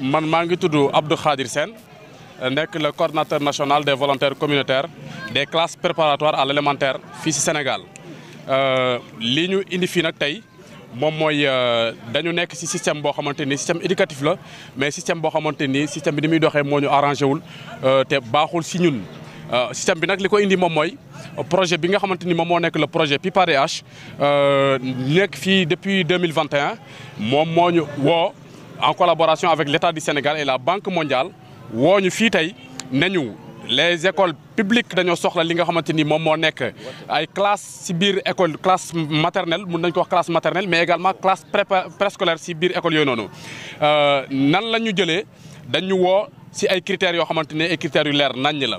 man maa ngi tudd Abdou Khadir Sen, nekk le coordinateur national des volontaires communautaires des classes préparatoires à l'élémentaire fii ci Sénégal euh, li ñu indi fii nag tey moom mooy euh, dañu nekk ci système boo xamante ni système éducatif la mais système boo xamante ni système bi ni muy doxee moo ñu arrangé wul euh, te baaxul si ñun. système bi nag li ko indi moom mooy projet bi nga xamante ni moom moo nekk le projet PIPADH nekk fii depuis 2021 moom moo ñu woo en collaboration avec l'État du Sénégal et la Banque mondiale woo ñu nañu les écoles publiques dañu soxla li nga xamanteni mom mo nek ay classes ci biir école classe maternelle mën nañ ko wax classe maternelle mais également classe préscolaire ci biir école yooyu euh nan la jëlé dañu wo ci ay critères yo xamanteni ay critères yu lèr nañ la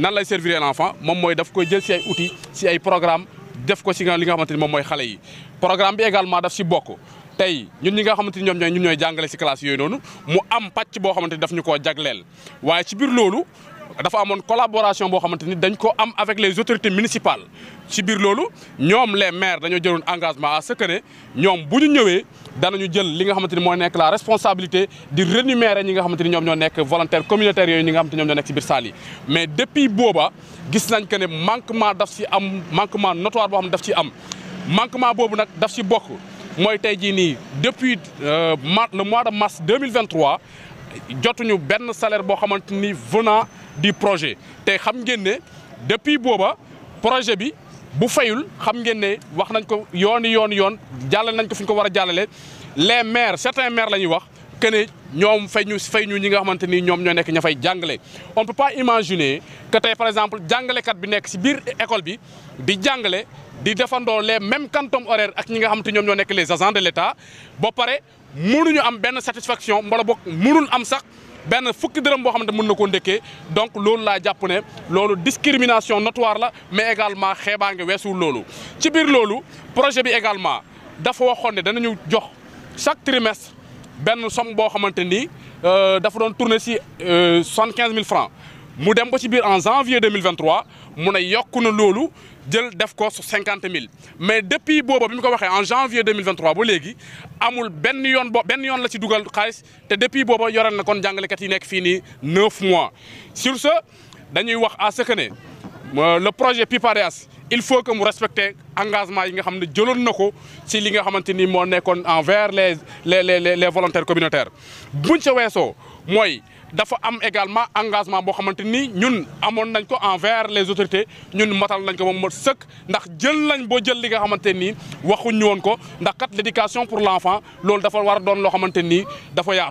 nan lay servir l'enfant mom moy daf koy jël ci ay outils ci ay programme def ko si li nga xamanteni mom moy xalé yi programme bi également daf ci bokk tay ñun ñi nga xamanteni ñom ñoy ñun ñoy jàngale ci classe yoy nonu mu am patch bo xamanteni daf ñu koo jagleel waaye ci bir lolu dafa amone collaboration bo xamanteni dañ ko am avec les autorités municipales ci bir lolu ñom les maires dañu jëloon engagement à ce que né ñom buñu ñëwé ñëwee danañu jël li nga xamanteni mo nekk la responsabilité di rémunérer ñi nga xamanteni ñom ñoom ñoo nekk volontaire communautaire yooyu ñi nga xamanteni ñom ñoom ñoo nekk ci bir salle yi mais depuis boba gis nañ que ne manquement daf ci am manquement notoire bo xam daf ci am manquement bobu nak daf ci bokk moy tay ji ni depuis euh, le mois de mars 2023 jotuñu benn salaire bo xamanteni venant du projet Et xam ngeen depuis le projet bi bu fayul xam wax nañ ko les maires certains maires la wax que ne ñoom fay ñu ñi nga ni ñoom ñoo on peut pas imaginer que par exemple jàngalekat bi nekk si biir école bi di les mêmes quantum horaires ak ñi nga les agents de l'état am satisfaction ben, fukki deureum bo xamantene mën nako koo donc loolu la japp né loolu discrimination notoire la mais également xeebaange weesuwul loolu. ci bir loolu projet bi également dafa waxone ne danañu jox chaque trimestre ben somme bo xamantene ni euh, dafa don tourner si euh, soixante quinze francs mu dem ba ci biir en janvier 2023 mu ne yokku na loolu jël def ko cinquante mais depuis booba bi mu ko waxee en janvier 2023 ba léegi amul benn yoon bo benn yoon la ci dugal xaalis te depuis booba yoreen na kon jàngalekat yi nekk fii nii neuf mois sur ce dañuy wax à ce que le projet Pipareas il faut que nous respecter engagement que envers les volontaires communautaires buñ nous avons dafa am également engagement nous avons envers les autorités ñun matal que ko ndax pour l'enfant loolu war a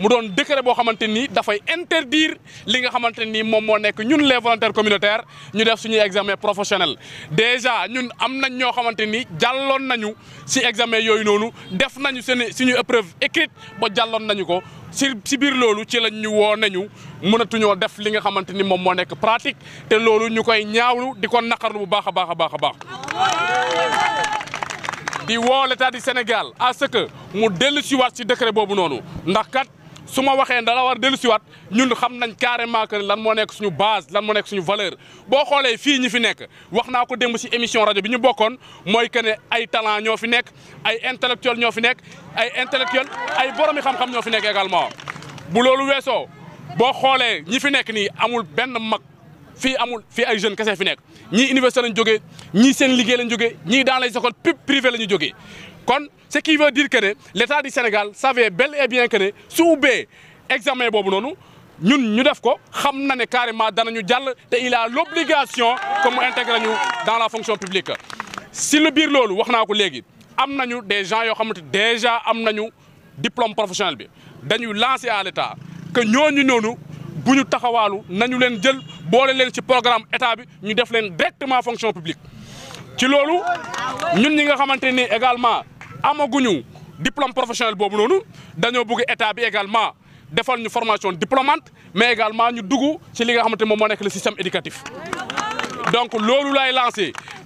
mu doon décret bo xamanteni ni fay interdire li nga xamanteni ni mo nek ñun les volontaires communautaires ñu def suñu examen professionnel déjà ñun am nañ ñoo xamante ni nañu ci examen yoy nonu def nañu suñu épreuve écrite ba jallon nañu ko si si biir loolu ci lañ ñu wo nañu mënatuñoo def li nga xamanteni ni mo nek pratique té lolu ñu ñaawlu diko nakarlu bu baax a baax baax di woo l'état du Sénégal à ce que mu dellu ci waat ci décret bobu nonu ndax kat su ma waxee dala war dellu siwaat ñun xam nañ carrément que lan moo nekk suñu base lan moo nekk suñu valeur boo xoolee fii ñi fi nekk wax naa ko démb si émission rajo bi ñu bokkoon mooy que ne ay talent ñoo fi nekk ay intellectuel ñoo fi nekk ay intellectuel ay boromi xam-xam ñoo fi nekk également bu loolu weesoo boo xoolee ñi fi nekk nii amul benn mag fii amul fii ay jeunes kese fi nekk ñii université lañ jógee ñii seen liggéey lañ jógee ñii dans les écoles pub privées la ñu kon ce qui veut dire que l'État du Sénégal savait bel et bien que ne examen bobu nonou ñun ñu def ko xam na ne carrément danañu jall té il a l'obligation comme intégrer ñu dans la fonction publique. si le bir lolu waxna ko légui am nañu des gens yo xamante déjà am nañu diplôme professionnel bi dañu lancer à l'état que ñooñu nonou buñu ñu nañu leen jël boole leen ci programme état bi ñu def leen directement fonction publique ci nous, ñun ñi nga xamanteni également amaguñu diplôme professionnel bobu nonu dañoo bëgg état bi également défal ñu formation diplômante mais également ñu duggu ci li nga xamanteni mo moo nekk le système éducatif donc lolu lay lancé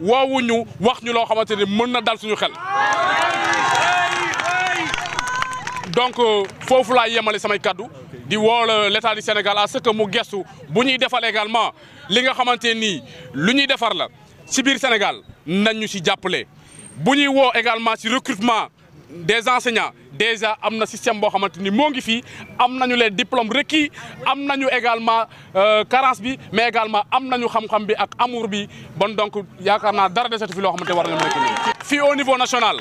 wawuñu wax ñu loo xamante mën na dal suñu xel donc euh, fofu la yemalé samay kaddu di wol l'état du Sénégal à ce que mu gestu bu ñuy defal également li nga xamanteni nii lu ñuy defar la ci bir Sénégal nañ ñu ci jàppale bu ñuy woo également ci recrutement des enseignants déjà am na système boo xamante ni moo ngi fii am nañu les diplômes requis am nañu également euh, carence bi mais également am nañu xam-xam bi ak amur bi bon donc yaakaar naa dara desatu fi loo xamante war na mën a fii au niveau national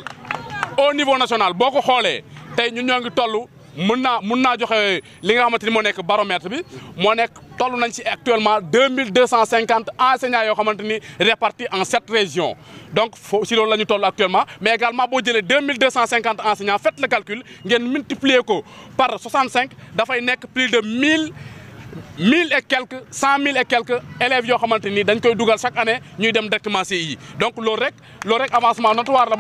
au niveau national boo ko xoolee tey ñun ñoo ngi toll Nous avons le baromètre. Nous avons actuellement 2250 enseignants répartis en 7 régions. Donc, si nous avons actuellement, mais également, si vous avez 2250 enseignants, faites le calcul, vous multipliez par 65, vous avez plus de 1000. 1000 et quelques, 100 000 et quelques élèves qui ont été chaque année, nous sommes directement CI. Donc, l'OREC, l'OREC avancement notoire.